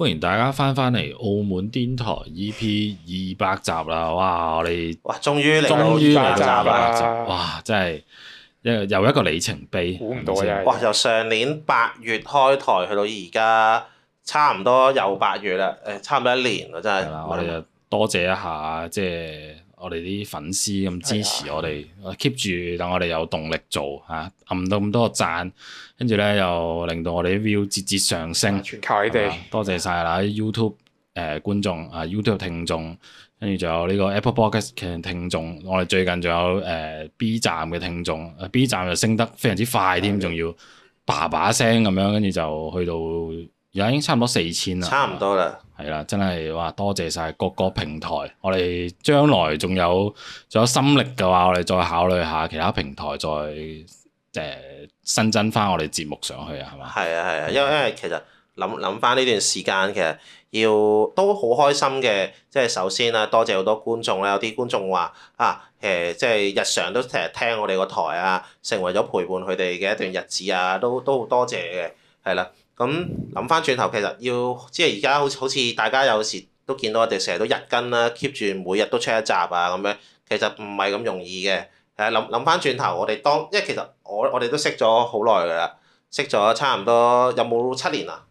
歡迎大家翻返嚟澳門電台 EP 二百集啦！哇，我哋哇，終於嚟到二百集啦！哇，真係，因為又一個里程碑，估唔到啊！哇，由上年八月開台去到而家，差唔多又八月啦，誒、哎，差唔多一年啦，真係。我哋就多謝一下，即係。我哋啲粉絲咁支持我哋，keep 住等我哋有動力做吓，撳、啊、到咁多個讚，跟住咧又令到我哋啲 view 節節上升。全靠你哋，多謝晒啦的 YouTube 誒、呃、觀眾啊 YouTube 聽眾，跟住仲有呢個 Apple Podcast 聽眾，我哋最近仲有誒、呃、B 站嘅聽眾，B 站就升得非常之快添，仲的要啪啪聲咁樣，跟住就去到而家已經差唔多四千啦。差唔多啦。係啦，真係哇！多謝晒各個平台。我哋將來仲有仲有心力嘅話，我哋再考慮下其他平台再、再、呃、誒新增翻我哋節目上去啊，係嘛？係啊係啊，因為因為其實諗諗翻呢段時間，其實要都好開心嘅。即係首先啦，多謝好多觀眾啦。有啲觀眾話啊，誒，即係日常都成日聽我哋個台啊，成為咗陪伴佢哋嘅一段日子啊，都都好多謝嘅。係啦。咁諗翻轉頭，其實要即係而家好似好似大家有時都見到我哋成日都日更啦，keep 住每日都出一集啊咁樣。其實唔係咁容易嘅。係啊，諗諗翻轉頭，我哋當因為其實我我哋都識咗好耐㗎啦，識咗差唔多有冇七年啊？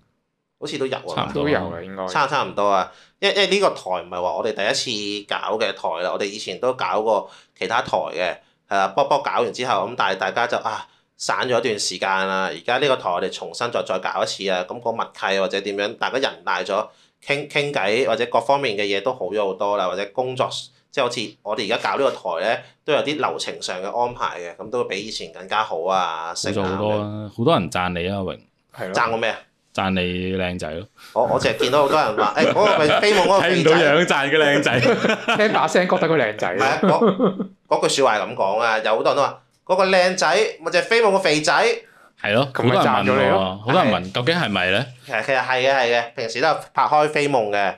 好似都有喎，差唔多。都有嘅應該。差差唔多啊，因為因為呢個台唔係話我哋第一次搞嘅台啦，我哋以前都搞過其他台嘅。誒、啊，波波搞完之後，咁但係大家就啊～散咗一段時間啦，而家呢個台我哋重新再再搞一次啊，咁個默契或者點樣，大家人大咗傾傾偈或者各方面嘅嘢都好咗好多啦，或者工作即係好似我哋而家搞呢個台咧，都有啲流程上嘅安排嘅，咁都比以前更加好啊，升咗好多好吧多人贊你啊，阿榮，贊了我咩啊？贊你靚仔咯！ 我我成日見到好多人話，誒嗰咪希望嗰個睇唔 到樣贊嘅靚仔， 聽把聲覺得佢靚仔。嗰 句説話係咁講啊，有好多人都話。嗰個靚仔，或者飛夢個肥仔。係咯，咁咪讚咗你喎，好多人問究竟係咪咧？其實其實係嘅係嘅，平時都係拍開飛夢嘅。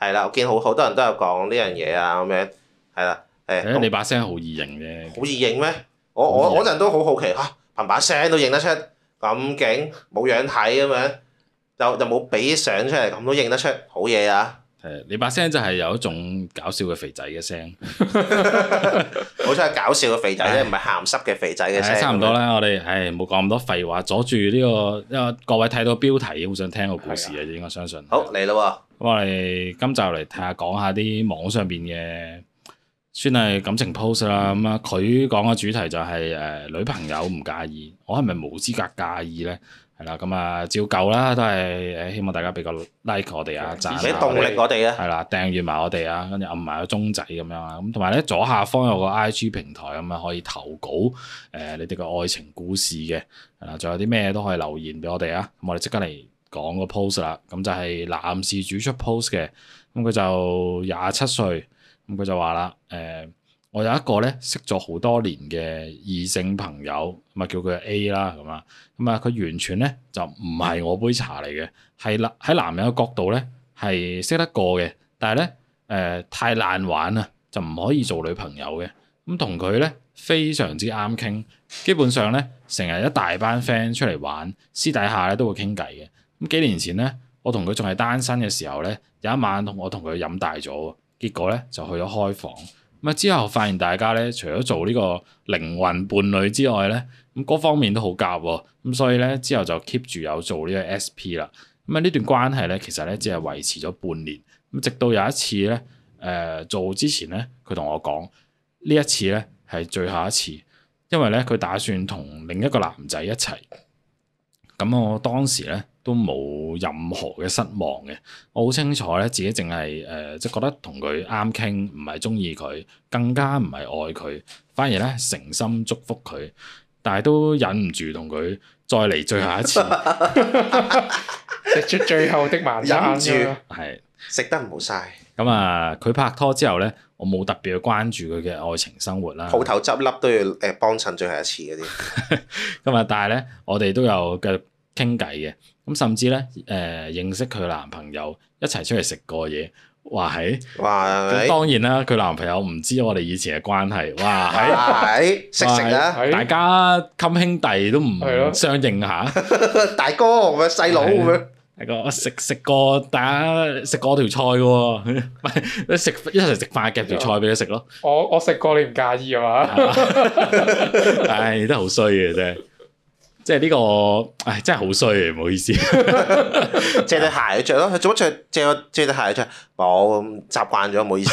係啦，我見好好多人都有講呢樣嘢啊咁樣。係啦，誒。你把聲好易認嘅？好易認咩？我我嗰陣都好好奇嚇，憑把聲都認得出咁勁，冇樣睇咁樣，就就冇俾相出嚟，咁都認得出好嘢啊！誒，你把聲就係有一種搞笑嘅肥仔嘅聲，好似係搞笑嘅肥仔啫，唔係鹹濕嘅肥仔嘅聲。對是是差唔多啦，我哋唉，冇講咁多廢話，阻住呢、這個，因為各位睇到標題好想聽個故事啊，的應該相信。好嚟啦，啊、我哋今集嚟睇下講下啲網上邊嘅，算係感情 post 啦。咁啊，佢講嘅主題就係、是、誒、呃，女朋友唔介意，我係咪冇資格介意咧？係啦，咁啊照舊啦，都係誒希望大家比個 like 我哋啊，賺下俾動力我哋啊，係啦，訂閱埋我哋啊，跟住㩒埋個鐘仔咁樣啊，咁同埋咧左下方有個 IG 平台咁樣可以投稿，誒、呃、你哋個愛情故事嘅，係啦，仲有啲咩都可以留言俾我哋啊，咁我哋即刻嚟講個 post 啦，咁就係男士主出 post 嘅，咁佢就廿七歲，咁佢就話啦，誒、呃、我有一個咧識咗好多年嘅異性朋友。咪叫佢 A 啦咁啊，咁啊佢完全咧就唔係我杯茶嚟嘅，係男喺男人嘅角度咧，係識得過嘅，但係咧誒太難玩啊，就唔可以做女朋友嘅。咁同佢咧非常之啱傾，基本上咧成日一大班 friend 出嚟玩，私底下咧都會傾偈嘅。咁幾年前咧，我同佢仲係單身嘅時候咧，有一晚同我同佢飲大咗，結果咧就去咗開房。咁啊之後發現大家咧，除咗做呢個靈魂伴侶之外咧。咁嗰方面都好夾喎，咁所以咧之後就 keep 住有做呢個 SP 啦。咁啊呢段關係咧，其實咧只係維持咗半年。咁直到有一次咧，誒、呃、做之前咧，佢同我講呢一次咧係最後一次，因為咧佢打算同另一個男仔一齊。咁我當時咧都冇任何嘅失望嘅，我好清楚咧自己淨係誒即係覺得同佢啱傾，唔係中意佢，更加唔係愛佢，反而咧誠心祝福佢。但係都忍唔住同佢再嚟最後一次，食 出最後的晚餐。忍住，係食是得唔好嘥。咁啊，佢拍拖之後咧，我冇特別去關注佢嘅愛情生活啦。鋪頭執笠都要誒幫襯最後一次嗰啲。咁啊，但係咧，我哋都有嘅傾偈嘅。咁甚至咧，誒、呃、認識佢男朋友，一齊出嚟食過嘢。話係，咁當然啦，佢男朋友唔知我哋以前嘅關係，哇，係，識食啦，大家襟兄弟都唔相應下，大哥咪細佬咁樣，大哥我食食過，大家食過條菜喎，食一齊食飯夾條菜俾你食咯，我我食過你唔介意啊嘛，唉，真係好衰嘅啫。即係呢、這個，唉，真係好衰，唔好意思。借對鞋着咯，佢早着，借借對鞋着，我習慣咗，唔好意思。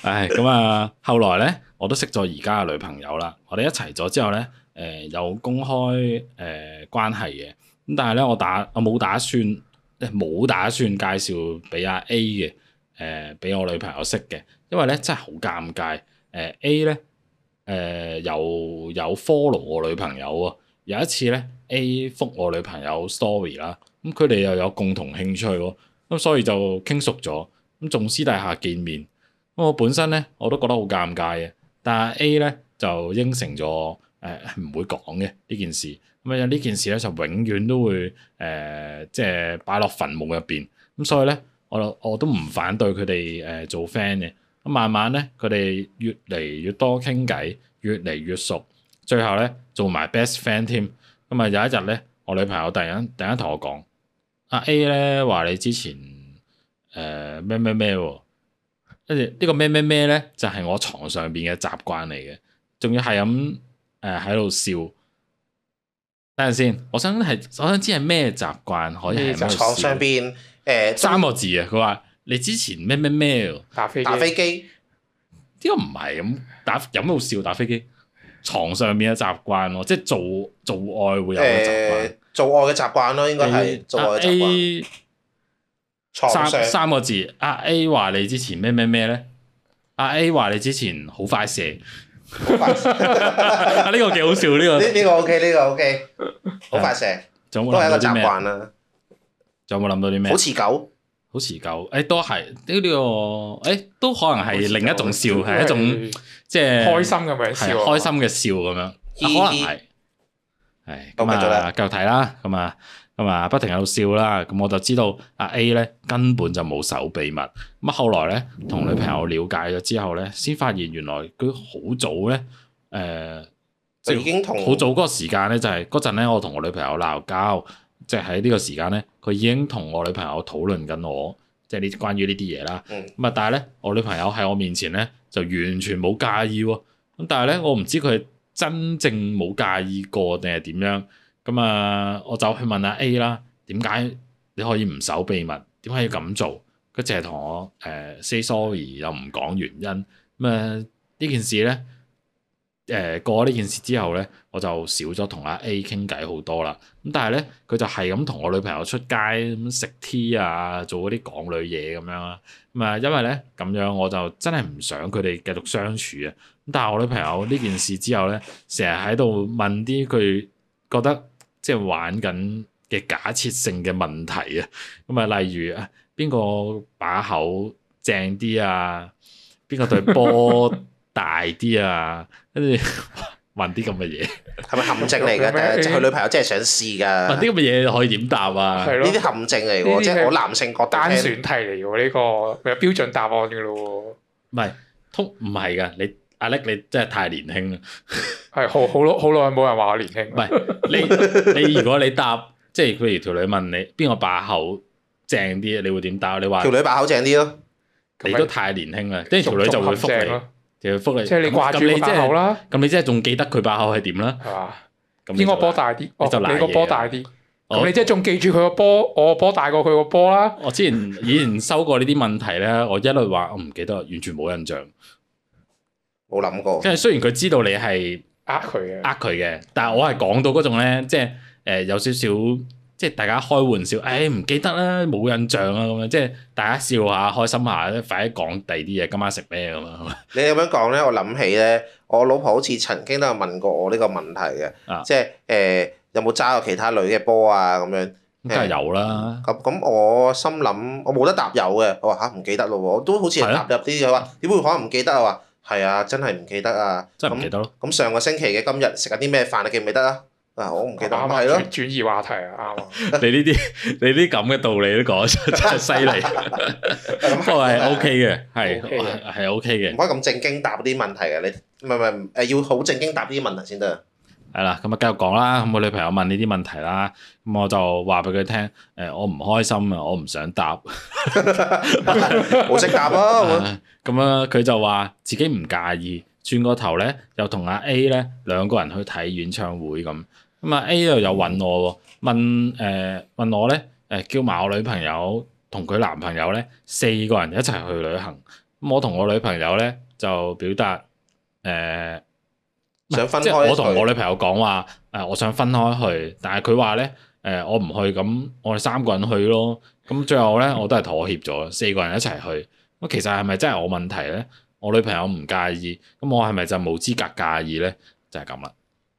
唉，咁啊，後來咧，我都識咗而家嘅女朋友啦。我哋一齊咗之後咧，誒、呃、有公開誒、呃、關係嘅。咁但係咧，我打我冇打算，冇打算介紹俾阿 A 嘅，誒、呃、俾我女朋友識嘅。因為咧，真係好尷尬。誒、呃、A 咧，誒、呃、有有 follow 我女朋友啊。有一次咧，A 覆我女朋友 story 啦，咁佢哋又有共同興趣喎，咁所以就傾熟咗，咁仲私底下見面。咁我本身咧，我都覺得好尷尬嘅，但係 A 咧就應承咗，誒、呃、唔會講嘅呢件事。咁啊呢件事咧就永遠都會誒、呃、即係擺落墳墓入邊。咁所以咧，我我都唔反對佢哋誒做 friend 嘅。咁慢慢咧，佢哋越嚟越多傾偈，越嚟越熟。最後咧做埋 best friend 添，咁啊有一日咧，我女朋友突然間突然間同我講：阿 A 咧話你之前誒咩咩咩，跟、呃、住、這個、呢個咩咩咩咧就係、是、我床上邊嘅習慣嚟嘅，仲要係咁誒喺度笑。等陣先，我想係我想知係咩習慣可以喺床上邊誒、呃、三個字啊！佢話你之前咩咩咩，打飛打飛機？呢個唔係咁打有咩好笑打飛機？床上面嘅習慣咯，即係做做愛會有嘅習慣。欸、做愛嘅習慣咯，應該係 A, 做愛嘅 A, 上三三個字，阿 A 話你之前咩咩咩咧？阿 A 話你之前好快射。啊呢 個幾好笑呢、 這個呢、呢個 OK 呢個 OK 好 快射仲都係一個習慣仲有冇諗到啲咩？好似狗。好持久，誒都係呢呢個，誒都可能係另一種笑，係一種即係開心咁樣笑，開心嘅笑咁樣，可能係，誒咁啊，繼續睇啦，咁啊，咁啊，不停喺度笑啦，咁我就知道阿 A 咧根本就冇守秘密。咁後來咧，同女朋友瞭解咗之後咧，先發現原來佢好早咧，誒，即已經同好早嗰個時間咧，就係嗰陣咧，我同我女朋友鬧交。即係喺呢個時間咧，佢已經同我女朋友討論緊我，即係、嗯、呢關於呢啲嘢啦。咁啊，但係咧，我女朋友喺我面前咧就完全冇介意喎、哦。咁但係咧，我唔知佢真正冇介意過定係點樣。咁、嗯、啊，我就去問下 A 啦，點解你可以唔守秘密？點解要咁做？佢淨係同我誒、呃、say sorry，又唔講原因。咁、嗯、啊，呢件事咧。誒過呢件事之後咧，我就少咗同阿 A 傾偈好多啦。咁但係咧，佢就係咁同我女朋友出街咁食 tea 啊，做嗰啲港女嘢咁樣啦。咁啊，因為咧咁樣，我就真係唔想佢哋繼續相處啊。咁但係我女朋友呢件事之後咧，成日喺度問啲佢覺得即係玩緊嘅假設性嘅問題啊。咁啊，例如啊，邊個把口正啲啊？邊個對波 大啲啊，跟住問啲咁嘅嘢，係咪陷阱嚟嘅咩？佢女朋友真係想試噶，問啲咁嘅嘢可以點答啊？呢啲陷阱嚟嘅，即係我男性個單選題嚟嘅呢個，有標準答案嘅咯。唔係，通唔係噶，你阿叻你真係太年輕啦，係好好老好耐冇人話我年輕。唔係你你如果你答，即係譬如條女問你邊個把口正啲，你會點答？你話條女把口正啲咯，你都太年輕啦，即係條女就會復你。福利即係你掛住個把口啦，咁你即係仲記得佢把口係點啦？係嘛吧？應該波大啲，我、哦、你個波大啲，咁、哦、你即係仲記住佢個波，哦、我個波大過佢個波啦。我之前以前收過呢啲問題咧， 我一律話我唔記得，完全冇印象，冇諗過。即係雖然佢知道你係呃佢嘅，呃佢嘅，但係我係講到嗰種咧，即係誒有少少。即係大家開玩笑，誒、哎、唔記得啦，冇印象啦，咁樣即係大家笑下，開心下，快啲講第二啲嘢。今晚食咩咁樣啊？你咁樣講咧，我諗起咧，我老婆好似曾經都有問過我呢個問題嘅，啊、即係誒、欸、有冇揸過其他女嘅波啊？咁樣梗係有啦。咁咁、嗯、我心諗，我冇得答有嘅。我話吓，唔、啊、記得咯喎，都好似係答入啲嘅話，點會的可能唔記得啊？話係啊，真係唔記得啊。真係唔記得咯。咁上個星期嘅今日食緊啲咩飯你記唔記得啊？嗱，我唔記得啱，係咯，轉移話題啊，啱啊。你呢啲，你啲咁嘅道理都講得出真係犀利，咁係 OK 嘅，係 o 係 OK 嘅。唔可以咁正經答啲問題啊。你唔係唔係誒要好正經答啲問題先得。係啦，咁啊繼續講啦。咁我女朋友問呢啲問題啦，咁我就話俾佢聽，誒我唔開心啊，我唔想答。我識答啊，咁啊佢就話自己唔介意，轉個頭咧又同阿 A 咧兩個人去睇演唱會咁。咁啊 A 度有搵我，問誒、呃、問我咧，誒叫埋我女朋友同佢男朋友咧，四個人一齊去旅行。咁我同我女朋友咧就表達誒、呃、想分開，即係我同我女朋友講話誒去、呃，我想分開去，但係佢話咧誒，我唔去，咁我哋三個人去咯。咁最後咧，我都係妥協咗，四個人一齊去。咁其實係咪真係我問題咧？我女朋友唔介意，咁我係咪就冇資格介意咧？就係咁啦。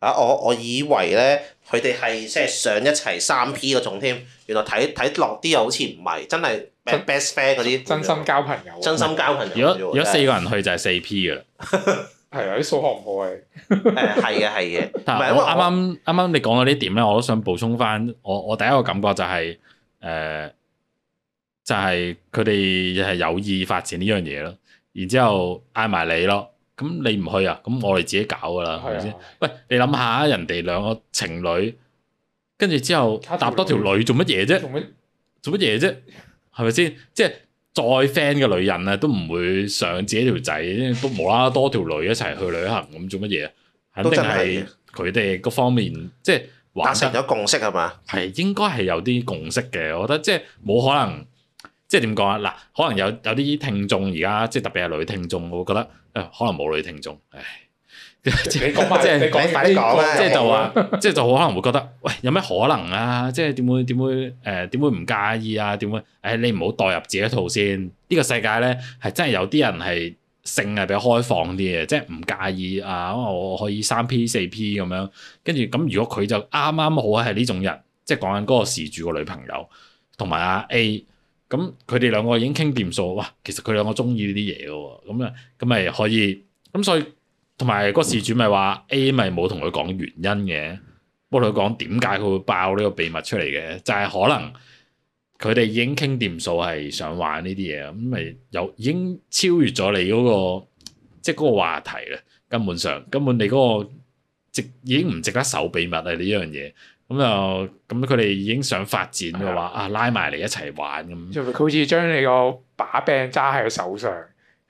啊！我我以為咧，佢哋係即係上一齊三 P 嗰種添，原來睇睇落啲又好似唔係，真係 best friend 嗰啲真心交朋友，真心交朋友。朋友是如果是如果四個人去就係四 P 噶啦，係啊啲數學唔好嘅。誒係嘅係嘅， 但係我啱啱啱啱你講到呢點咧，我都想補充翻。我我第一個感覺就係、是、誒、呃，就係佢哋係有意發展呢樣嘢咯，然之後嗌埋你咯。咁你唔去啊？咁我哋自己搞噶啦，係咪先？喂，你諗下，人哋兩個情侶，跟住之後搭多條女做乜嘢啫？做乜嘢啫？係咪先？即係再 friend 嘅女人咧，都唔會想自己條仔，都冇啦多條女一齊去旅行咁，做乜嘢啊？肯定係佢哋個方面，即係達成咗共識係嘛？係應該係有啲共識嘅，我覺得即係冇可能。即係點講啊？嗱，可能有有啲聽眾而家即係特別係女聽眾，我覺得誒可能冇女聽眾。唉，自己講翻，即係你講快啲講，即係就話，即係就可能會覺得，喂，有咩可能啊？即係點會點會誒點會唔介意啊？點會誒你唔好代入自己套先。呢個世界咧係真係有啲人係性係比較開放啲嘅，即係唔介意啊！我可以三 P 四 P 咁樣。跟住咁，如果佢就啱啱好係呢種人，即係講緊嗰個事主個女朋友同埋阿 A。咁佢哋兩個已經傾掂數，哇！其實佢兩個中意呢啲嘢嘅喎，咁啊，咁咪可以咁，所以同埋嗰事主咪話、嗯、A 咪冇同佢講原因嘅，冇同佢講點解佢會爆呢個秘密出嚟嘅，就係、係、可能佢哋已經傾掂數，係想玩呢啲嘢，咁咪有已經超越咗你嗰、嗰個即係嗰個話題啦。根本上，根本你嗰、嗰個值已經唔值得守秘密啊！呢一樣嘢。咁就咁，佢哋已經想發展嘅話啊，拉埋嚟一齊玩咁。佢好似將你個把柄揸喺佢手上，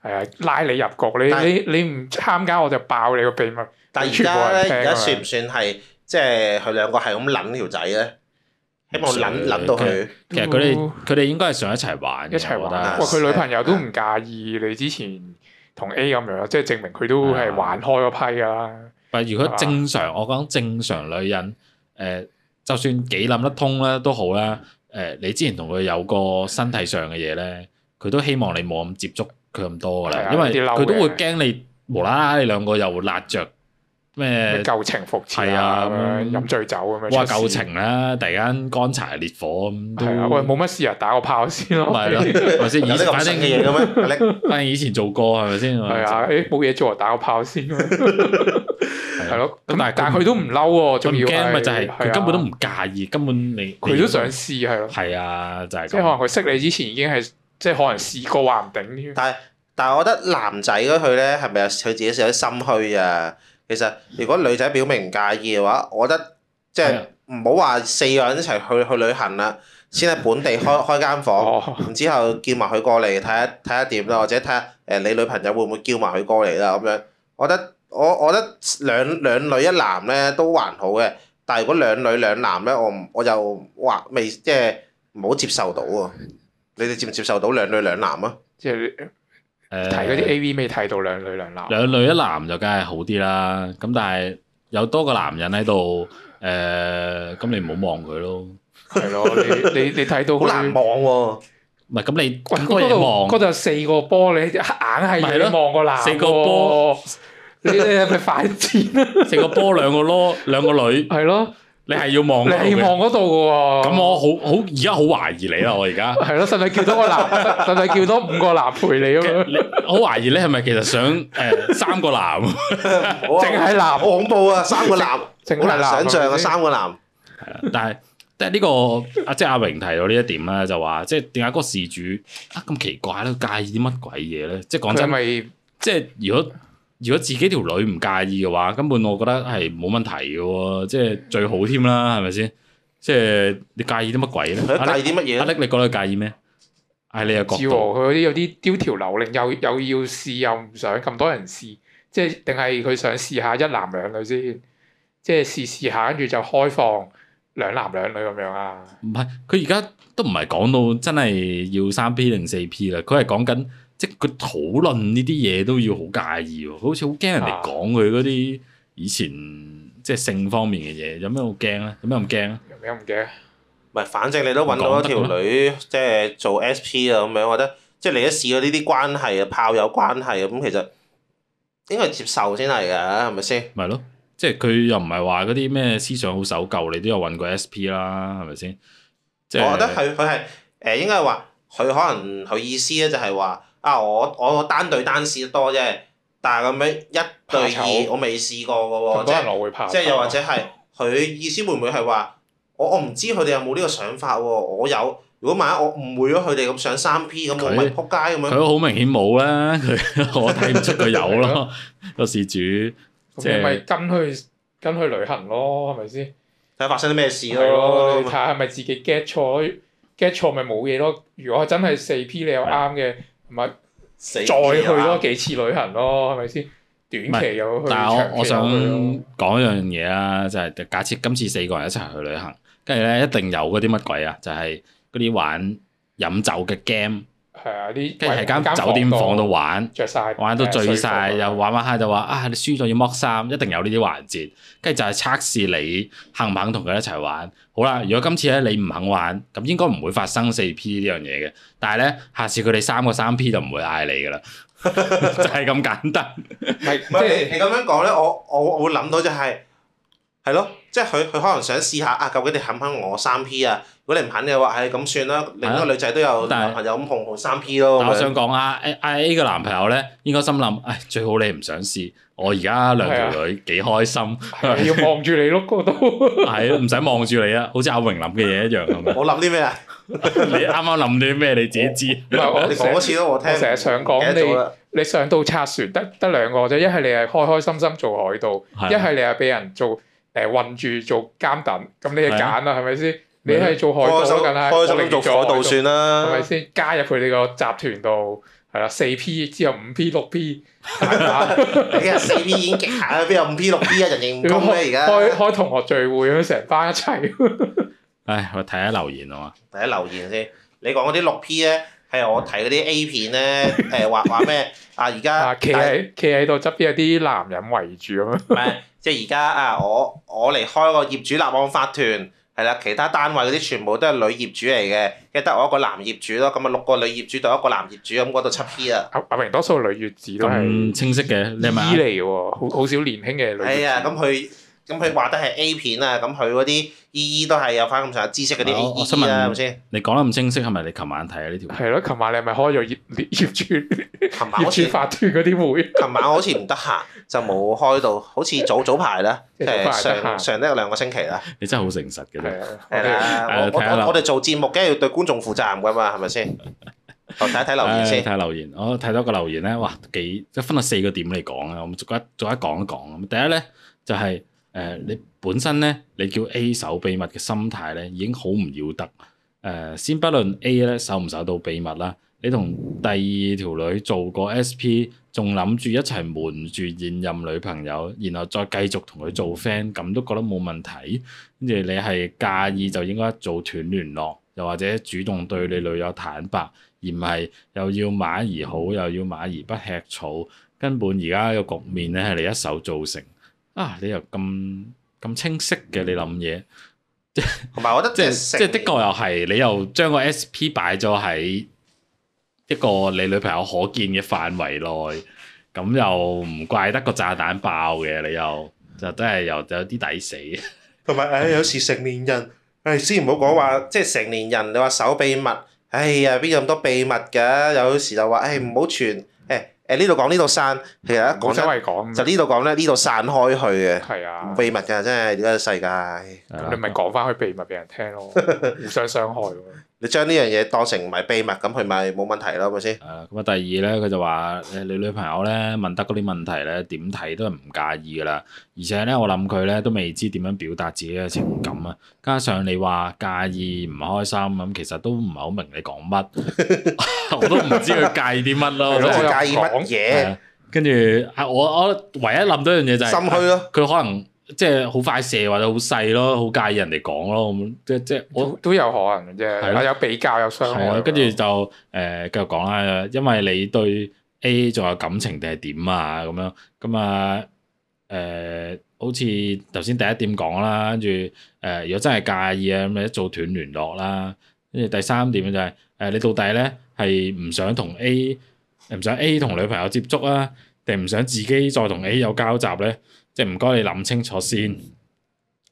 係啊，拉你入局。你你你唔參加我就爆你個秘密。但而家咧，而家算唔算係即係佢兩個係咁諗條仔咧？希望諗諗到佢。其實佢哋佢哋應該係想一齊玩。一齊玩啊！喂，佢女朋友都唔介意你之前同 A 咁樣，即係證明佢都係玩開嗰批噶啦。唔係，如果正常，我講正常女人。誒，就算幾諗得通啦，都好啦。誒，你之前同佢有過身體上嘅嘢咧，佢都希望你冇咁接觸佢咁多噶啦。因為佢都會驚你無啦啦，你兩個又辣着咩，舊情復熾啊！飲醉酒咁樣。喂，舊情啦，突然間乾柴烈火咁。係啊，喂，冇乜事啊，打個炮先咯。係咯，係咪先？反正嘅嘢嘅咩？反正以前做過係咪先？係啊，誒，冇嘢做啊，打個炮先。係咯，咁但係但係佢都唔嬲喎，仲要唔驚咪就係佢根本都唔介意，根本你佢都想試係咯，係啊，啊，就係即係可能佢識你之前已經係即係可能試過話唔定添。但係但係我覺得男仔咧佢咧係咪啊？佢自己有啲心虛啊。其實如果女仔表明唔介意嘅話，我覺得即係唔好話四個人一齊去去旅行啦，先喺本地開開間房，然、哦、之後叫埋佢過嚟睇一睇一點啦，或者睇下誒你女朋友會唔會叫埋佢過嚟啦咁樣，我覺得。我我覺得兩兩女一男咧都還好嘅，但係如果兩女兩男咧，我我就話未即係唔好接受到喎。你哋接唔接受到兩女兩男啊？即係誒睇嗰啲 AV 未睇到兩女兩男？兩女一男就梗係好啲啦，咁但係有多個男人喺度，誒咁你唔好望佢咯。係咯，你你睇到好難望喎。唔係咁你咁多人望，嗰度有四個波你硬係要望個男。四個波。你你係咪快啲啊？成個波兩個攞兩個女，係咯。你係要望你望嗰度嘅喎。咁我好好而家好懷疑你啦，我而家係咯，係咪叫多個男？係咪叫多五個男陪你啊？好懷疑你係咪其實想誒三個男啊？淨係男好恐怖啊！三個男成個男。想象啊！三個男係啦，但係即係呢個阿即係阿榮提到呢一點咧，就話即係點解個事主啊咁奇怪咧？介意啲乜鬼嘢咧？即係講真，咪即係如果。就是如果自己條女唔介意嘅話，根本我覺得係冇問題嘅喎，即係最好添啦，係咪先？即係你介意啲乜鬼咧？佢介意啲乜嘢咧？阿叻，你覺得佢介意咩？阿你又覺得？佢嗰啲有啲刁條流令，另又又要試又，又唔想咁多人試，即係定係佢想試下一男兩女先？即係試試下，跟住就開放兩男兩女咁樣啊？唔係，佢而家都唔係講到真係要三 P 零四 P 啦，佢係講緊。即佢討論呢啲嘢都要好介意喎，好似好驚人哋講佢嗰啲以前即性方面嘅嘢，有咩好驚咧？有咩咁驚咧？有咩咁驚？唔係，反正你都揾到一條女即，即係做 SP 啊咁樣，我覺得即你一試過呢啲關係啊，炮友關係啊，咁其實應該接受先係㗎，係咪先？咪咯，即係佢又唔係話嗰啲咩思想好守舊，你都有揾過 SP 啦，係咪先？即我覺得佢佢係誒，應該係話佢可能佢意思咧，就係話。啊！我我單對單試得多啫，但係咁樣一對二我未試過個喎，即係又或者係佢意思會唔會係話我我唔知佢哋有冇呢個想法喎？我有，如果萬一我誤會咗佢哋咁上三 P 咁，我咪撲街咁樣。佢好明顯冇啦，佢 我睇唔出佢有咯，個事主。咁咪、就係、跟去跟去旅行咯，係咪先？睇下發生啲咩事咯，你睇下係咪自己 get 錯，get 錯咪冇嘢咯。如果真係四 P 你又啱嘅。唔係，再去多幾次旅行咯，係咪先？短期有去，長期我去咯。我想講樣嘢啊，就係、係、假設今次四個人一齊去旅行，跟住咧一定有嗰啲乜鬼啊？就係嗰啲玩飲酒嘅 game。係啊，啲跟住喺間酒店房度玩，着晒，玩到醉晒，又玩玩下、啊、就話啊，你輸咗要剝衫，一定有呢啲環節。跟住就係測試你肯唔肯同佢一齊玩。好啦，如果今次咧你唔肯玩，咁應該唔會發生四 P 呢樣嘢嘅。但係咧，下次佢哋三個三 P 就唔會嗌你噶啦， 就係咁簡單 係，即係咁樣講咧，我我，我，我會諗到就係、是。係咯，即係佢佢可能想試下啊，究竟你肯唔肯我三 P 啊？如果你唔肯嘅話，唉，咁算啦。另一個女仔都有男朋友咁紅紅三 P 咯。我想講啊，啊 A 個男朋友咧應該心諗，唉，最好你唔想試，我而家兩條女幾開心，要望住你咯，嗰度。係咯，唔使望住你啊，好似阿榮諗嘅嘢一樣咁。我諗啲咩啊？你啱啱諗啲咩你自己知，唔係我你講一次咯，我聽。我成日想講你，你上到賊船得得兩個啫，一係你係開開心心做海盜，一係你係俾人做。誒混住做監等，咁你嘅揀啦，係咪先？你係做海盜咁啦，開咗做海盜算啦，係咪先？加入佢哋個集團度，係啦，四 P 之後五 P 六 P，而家四 P 已經極限，邊有五 P 六 P 啊？人哋唔到而家？開開同學聚會，成班一齊。唉 、哎，我睇下留言啊嘛，睇下留言先。你講嗰啲六 P 咧，係我睇嗰啲 A 片咧，誒話話咩？啊而家企喺企喺度執，邊有啲男人圍住咁樣！即係而家啊！我我嚟開個業主立案法團，係啦，其他單位嗰啲全部都係女業主嚟嘅，即係得我一個男業主咯。咁啊，六個女業主對一個男業主，咁嗰度七 P 啊。阿阿明多數女業主都係，清晰嘅，依嚟喎，好好少年輕嘅女業主。係啊，咁佢。咁佢話得係 A 片啊，咁佢嗰啲依依都係有翻咁上下知識嗰啲 A E 啊，係咪先？你講得咁清晰係咪？你琴晚睇下呢條片？係咯，琴晚你係咪開咗業業業主？業主發斷嗰啲會？琴晚我好似唔得閒，就冇開到。好似早早排咧，誒上上一兩個星期啦。你真係好誠實嘅咧。我哋做節目梗係要對觀眾負責任㗎嘛，係咪先？我睇一睇留言先。睇留言，我睇到個留言咧，哇！幾即分咗四個點嚟講啊，我逐一逐一講一講。咁第一咧就係。誒、呃，你本身咧，你叫 A 守秘密嘅心態咧，已經好唔要得。誒、呃，先不論 A 咧守唔守到秘密啦，你同第二條女做過 SP，仲諗住一齊瞞住現任女朋友，然後再繼續同佢做 friend，咁都覺得冇問題。跟住你係介意就應該做斷聯絡，又或者主動對你女友坦白，而唔係又要馬兒好又要馬兒不吃草。根本而家個局面咧係你一手造成。啊！你又咁咁清晰嘅，你諗嘢，即係同埋我覺得，即係即係的確又係你又將個 SP 擺咗喺一個你女朋友可見嘅範圍內，咁又唔怪得個炸彈爆嘅，你又就真係又就有啲抵死。同埋誒，有時成年人誒，先唔好講話，即係成年人，你話守秘密，哎呀，邊有咁多秘密㗎？有時就話誒，唔好傳。呢度講呢度散。其實一講就呢度講咧，呢度散開去嘅。啊、秘密嘅真係而家世界，咁、啊、你咪講翻去秘密俾人聽咯，互相 傷害。你將呢樣嘢當成唔係秘密咁，佢咪冇問題咯，係咪先？誒，咁啊，第二咧，佢就話誒，你女朋友咧問得嗰啲問題咧，點睇都係唔介意㗎喇。而且咧，我諗佢咧都未知點樣表達自己嘅情感啊。加上你話介意唔開心咁，其實都唔係好明你講乜，我都唔知佢介意啲乜咯。介意乜嘢？跟住啊，我我唯一諗到一樣嘢就係心虛咯。佢可能，即係好快射或者好細咯，好介意人哋講咯咁，即即我都有可能嘅啫。係咯的，有比較有傷害。跟住就誒、呃、繼續講啦，因為你對 A 仲有感情定係點啊？咁樣咁啊誒，好似頭先第一點講啦，跟住誒，如果真係介意啊，咁咪一做斷聯絡啦。跟住第三點就係、是、誒、呃，你到底咧係唔想同 A 唔想 A 同女朋友接觸啊，定唔想自己再同 A 有交集咧？即係唔該，你諗清楚先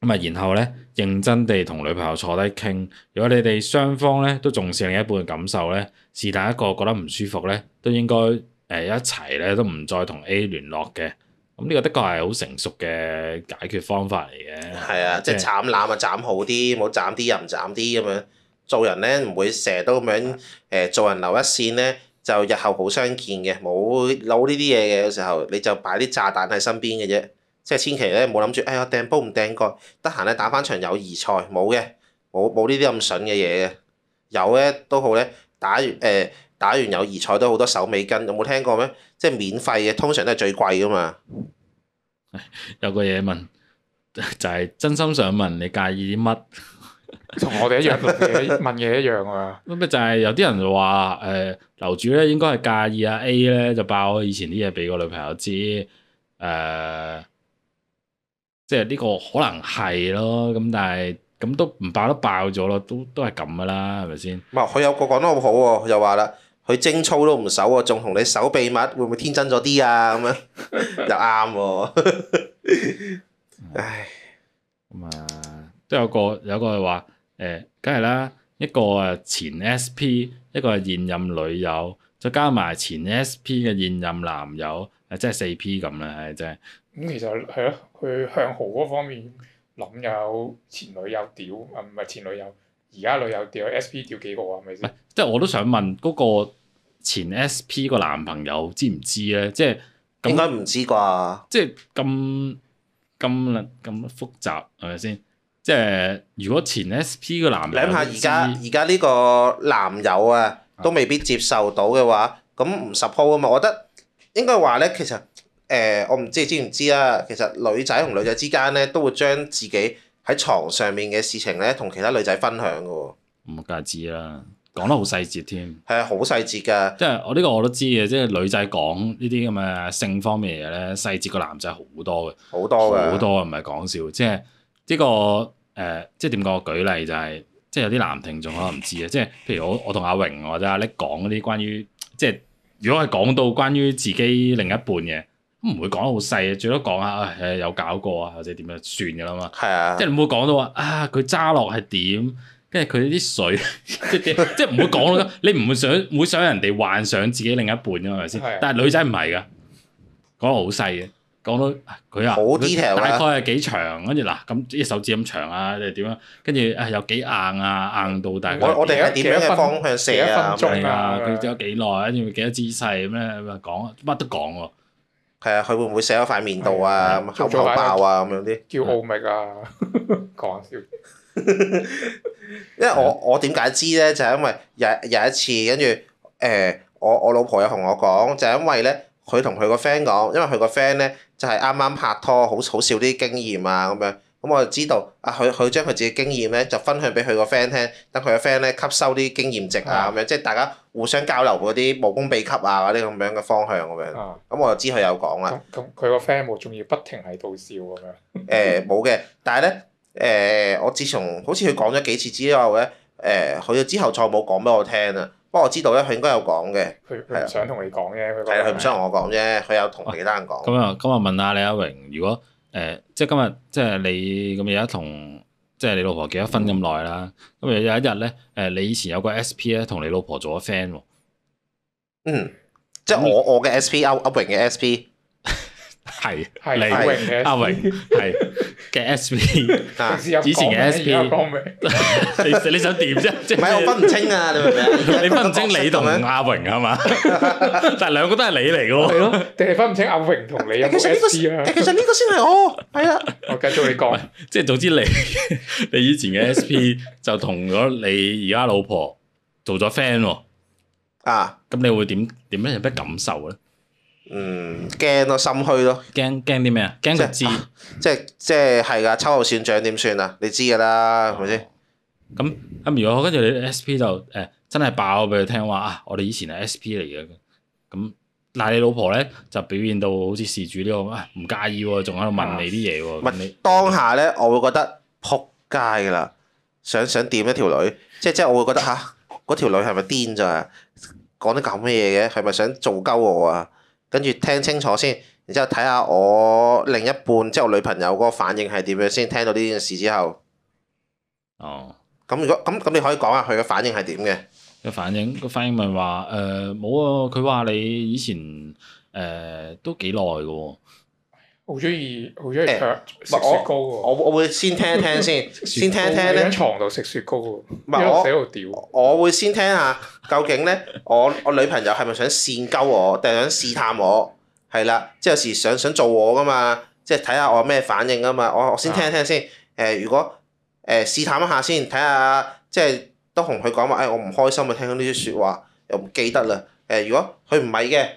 咁啊，然後咧認真地同女朋友坐低傾。如果你哋雙方咧都重視另一半嘅感受咧，是但一個覺得唔舒服咧，都應該誒一齊咧都唔再同 A 聯絡嘅。咁呢個的確係好成熟嘅解決方法嚟嘅。係啊，即係斬纜啊，斬好啲，冇斬啲又唔斬啲咁樣。做人咧唔會成日都咁樣誒，做人留一線咧就日後好相見嘅，冇攞呢啲嘢嘅時候你就擺啲炸彈喺身邊嘅啫。即係千祈咧，冇諗住，哎呀，掟煲唔掟個，得閒咧打返場友誼賽，冇嘅，冇冇呢啲咁筍嘅嘢嘅，有咧都好咧，打完誒、呃，打完友誼賽都好多手尾跟，有冇聽過咩？即係免費嘅，通常都係最貴㗎嘛。有個嘢問，就係、是、真心想問你介意啲乜？同 我哋一樣嘅問嘢一樣啊。咁咪 就係有啲人就話誒，樓、呃、主咧應該係介意啊 A 咧就爆以前啲嘢俾個女朋友知，誒、呃。即係呢個可能係咯，咁但係咁都唔爆都爆咗咯，都都係咁噶啦，係咪先？唔係，佢有個講得好好喎，又話啦，佢貞操都唔守喎，仲同你守秘密，會唔會天真咗啲啊？咁樣又啱喎。唉，咁啊，都有個有個話，誒，梗係啦，一個誒前 SP，一個現任女友，再加埋前 SP 嘅現任男友，誒，即係四 P 咁啦，係啫。咁其實係咯。佢向好嗰方面諗，有前女友屌啊？唔係前女友，而家女友屌，SP 屌幾個啊？係咪先？即係我都想問嗰個前 SP 個男朋友知唔知咧？即係應該唔知啩？即係咁咁咁複雜係咪先？即係如果前 SP 個男友你諗下而家而家呢個男友啊，都未必接受到嘅話，咁唔 support 啊嘛。我覺得應該話咧，其實。誒、嗯，我唔知你知唔知啦。其實女仔同女仔之間咧，都會將自己喺床上面嘅事情咧，同其他女仔分享嘅喎、哦。咁梗係知啦，講得好細節添。係啊，好細節㗎。即係我呢個我都知嘅，即係女仔講呢啲咁嘅性方面嘢咧，細節過男仔好多嘅。好多嘅。好多唔係講笑，即係呢、這個誒、呃，即係點講？舉例就係、是，即係有啲男聽眾可能唔知啊。即係譬如我我同阿榮或者阿力講嗰啲關於，即係如果係講到關於自己另一半嘅。都唔會講得好細，最多講下誒有搞過啊，或者點樣算嘅啦嘛。係啊，即係唔會講到話啊，佢揸落係點？跟住佢啲水即係唔會講咯。你唔會想會想人哋幻想自己另一半嘅嘛係咪先？但係女仔唔係㗎，講得好細嘅，講到佢啊，大概係幾長？跟住嗱咁啲手指咁長啊，定係點樣？跟住啊，有幾硬啊，硬到大概。係我哋而家點樣嘅方向射啊？一分鐘啊，佢仲有幾耐？跟住幾多姿勢咩？咁啊講乜都講喎。係啊，佢會唔會寫咗塊面度啊？口口爆啊咁樣啲，叫奧密啊！講笑， 因為我 我點解知咧？就係、是、因為有有一次，跟住誒我我老婆又同我講，就係、是、因為咧佢同佢個 friend 講，因為佢個 friend 咧就係啱啱拍拖，好好少啲經驗啊咁樣。咁我就知道，阿佢佢將佢自己經驗咧，就分享俾佢個 friend 聽，等佢個 friend 咧吸收啲經驗值啊咁樣，即係大家互相交流嗰啲武功秘笈啊嗰啲咁樣嘅方向咁、啊、樣。咁、啊嗯、我就知佢有講啦。咁佢個 friend 冇，仲要不停喺度笑咁樣。誒冇嘅，但係咧誒，我自從好似佢講咗幾次之後咧，誒、欸、佢之後再冇講俾我聽啊。不過我知道咧，佢應該有講嘅。佢唔想同你講嘅，但佢唔想同我講啫，佢有同其他人講。咁日、啊、今日問下李阿榮，如果？誒，即係今日，即係你咁而家同，即係你老婆結咗婚咁耐啦。咁又有一日咧，誒，你以前有個 S.P. 咧，同你老婆做咗 friend 嗯，即係我我嘅 S.P. 阿阿榮嘅 S.P. 係，係阿榮阿榮係嘅 S P 以前嘅 S P，你想點啫？即係我分唔清啊，你明唔明？你分唔清你同阿榮啊嘛？但係兩個都係你嚟咯，定係分唔清阿榮同你啊？其實呢個先，其實呢個先係我，係啊，我繼續你講，即係總之你你以前嘅 S P 就同咗你而家老婆做咗 friend 啊？咁你會點點樣？有咩感受咧？嗯，驚咯、啊，心虛咯，驚驚啲咩啊？驚個字，即係即係係噶，秋後算賬點算啊？你知噶啦，係咪先？咁咁、嗯、如果跟住你 SP 就誒、欸、真係爆俾佢聽話啊！我哋以前係 SP 嚟嘅，咁、嗯、但係你老婆咧就表現到好似事主呢個啊，唔介意喎，仲喺度問你啲嘢喎。唔係當下咧，我會覺得仆街㗎啦，想想掂一條女，即係即係我會覺得吓，嗰、啊、條女係咪癲咋？講啲搞咩嘢嘅，係咪想做鳩我啊？跟住聽清楚先，然之後睇下我另一半，即係我女朋友嗰個反應係點樣先聽到呢件事之後。哦，咁如果咁咁，你可以講下佢嘅反應係點嘅？個反應個反應咪話誒冇啊！佢、呃、話你以前誒、呃、都幾耐嘅喎。好中意好中意食雪糕喎，欸！我我，我會先聽聽先聽，先聽聽咧。喺床度食雪糕喎。唔係我死喺度屌。我會先聽下，究竟咧， 我我女朋友係咪想善鳩我，定係想試探我？係啦，即係有時想想做我噶嘛，即係睇下我咩反應噶嘛。我我先聽聽先。誒的，如果誒試探一下先，睇下即係都同佢講話。誒、哎，我唔開心啊！聽到呢啲説話，又唔記得啦。誒，如果佢唔係嘅。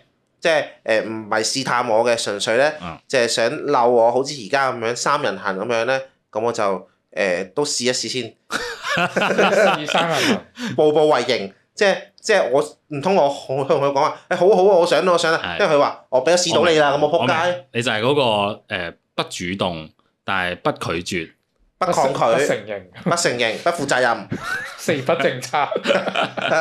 即係誒唔係試探我嘅，純粹咧、嗯、即係想鬧我，好似而家咁樣三人行咁樣咧，咁我就誒、呃、都試一試先。三 步步為營，即係即係我唔通我同佢講話誒，好好啊，我想我想啊，的因為佢話我俾我試到你啦，咁我仆街。呢你就係嗰、那個、呃、不主動，但係不拒絕。抗拒不、不， 不承認、不承認、不負責任、四 不政正策 的，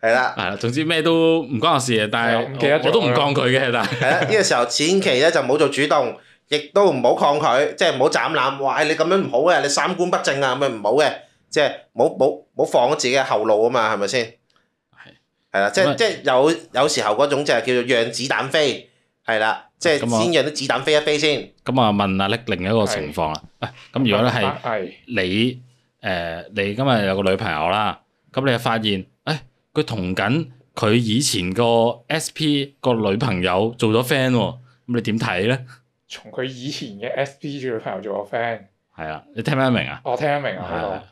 係啦，係啦，總之咩都唔關我事但係我，我，我，我都唔抗拒嘅，係啦。呢 個時候前期咧就唔好做主動，亦都唔好抗拒，即係唔好斬攬，話唉你咁樣唔好嘅，你三觀不正啊咁樣唔好嘅，即係唔好唔放咗自己嘅後路啊嘛，係咪先？係係啦，即係即係有有時候嗰種就係叫做讓子彈飛，係啦。即係先讓啲子彈飛一飛先。咁啊，問啊，咧另一個情況啦。喂，咁如果咧係你誒，你今日有個女朋友啦，咁你又發現，誒佢同緊佢以前個 SP 個女朋友做咗 friend 喎，咁你點睇咧？從佢以前嘅 SP 做女朋友做咗 friend。係啊，你聽得明啊？我聽得明啊。係啊。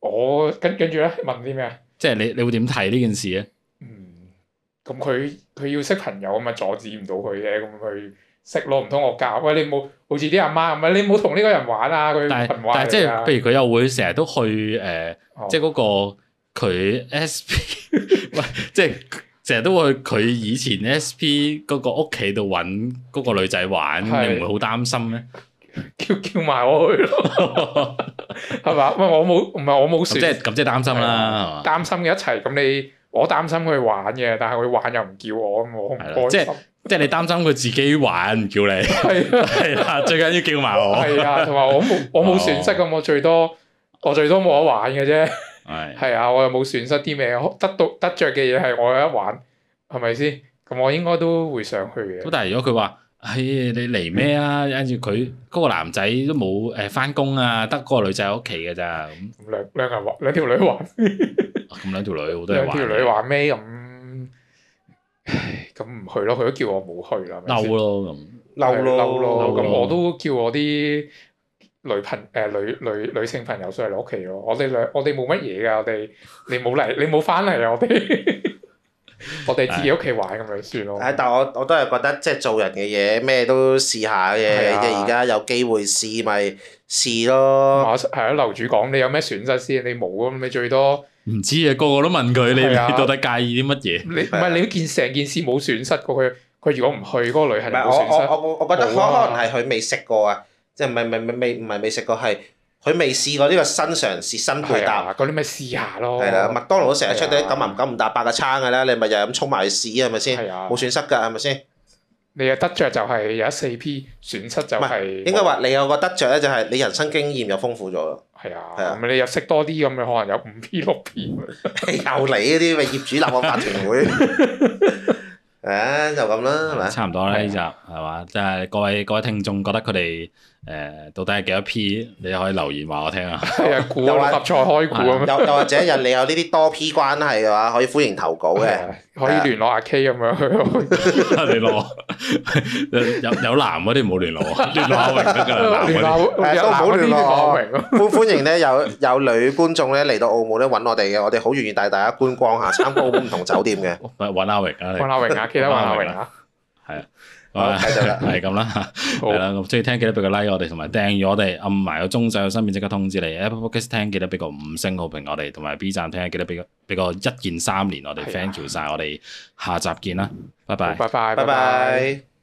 我跟跟住咧，問啲咩？即係你，你會點睇呢件事咧？咁佢佢要識朋友咁啊，阻止唔到佢啫。咁佢識囉唔通我教，餵你冇好似啲阿媽唔係，你冇同呢個人玩啊。佢唔玩但係、啊、即係譬如佢又會成日、呃那個哦、都去誒，即係嗰個佢 S P，即係成日都會去佢以前 S P 嗰個屋企度揾嗰個女仔玩， 是你唔會好擔心咩？叫叫埋我去咯，係嘛？ 餵我冇唔係我冇，即係咁即係擔心啦，係吧 擔心嘅一齊咁你。我擔心佢玩嘅，但係佢玩又唔叫我咁，我唔安心。即係即係你擔心佢自己玩唔叫你，係啦，最緊要叫埋我。係啊，同埋我冇我冇損失咁，我最多我最多冇得玩嘅啫。係係啊，我又冇損失啲咩，得到得著嘅嘢係我有得玩，係咪先？咁我應該都會上去嘅。咁但係如果佢話誒你嚟咩啊？跟住佢嗰個男仔都冇誒翻工啊，得個女仔喺屋企㗎咋咁？兩兩個人玩，兩條女玩。咁兩條女好多嘢玩，兩條女話咩咁？唉，咁唔去咯，佢都叫我冇去啦。嬲咯咁，嬲咯，嬲咯。我都叫我啲女朋誒女女女性朋友上嚟我屋企喎。我哋兩我哋冇乜嘢㗎。我哋你冇嚟，你冇翻嚟啊！我哋我哋自己屋企玩咁樣算咯。但係我我都係覺得即係做人嘅嘢，咩都試下嘅。即係而家有機會試咪試咯。馬係啊，樓主講你有咩損失先？你冇咁，你最多。唔知啊，個個都問佢，你你到底介意啲乜嘢？你唔係你件成件事冇損失過佢，佢如果唔去嗰個旅行，冇損失。唔係我我我我覺得可能係佢未食過啊，即係未未未未唔係未食過係佢未試過呢個新嘗試，新配搭，嗰啲咪試下咯。係啦，麥當勞都成日出啲九啊九五打八嘅餐㗎啦，你咪又係咁衝埋去試係咪先？冇損失㗎係咪先？你嘅得著就係有四 P，損失就係應該話你有個得著咧，就係你人生經驗又豐富咗。係啊，咁你又識多啲，咁你可能有五 P 六 P 又。又嚟嗰啲咪業主立案法團會，誒就咁啦，係咪？差唔多啦，呢集係嘛？即 係吧 各位各位聽眾覺得佢哋。誒，到底係幾多 P？你可以留言話我聽啊。又或合菜開股，又又或者人你有呢啲多 P 關係嘅話，可以歡迎投稿嘅，可以聯絡阿 K 咁樣去。聯絡有有男嗰啲冇聯絡，聯絡阿榮得噶啦。聯絡有男，歡迎歡歡迎咧，有有女觀眾咧嚟到澳門咧，揾我哋嘅，我哋好願意帶大家觀光下參觀澳門唔同酒店嘅。唔係，揾阿榮，揾阿榮啊，K 啦，揾阿榮啊。係咁啦，係啦，中 意聽，記得畀個 like，我哋同埋訂閱我哋按埋個鐘仔，我身邊即刻通知你。Apple Podcast 聽記得畀個五星好評我哋，同埋 B 站聽記得畀個畀個一鍵三連我哋，thank you 晒， 謝謝我哋下集見啦，拜拜， 拜拜，拜拜。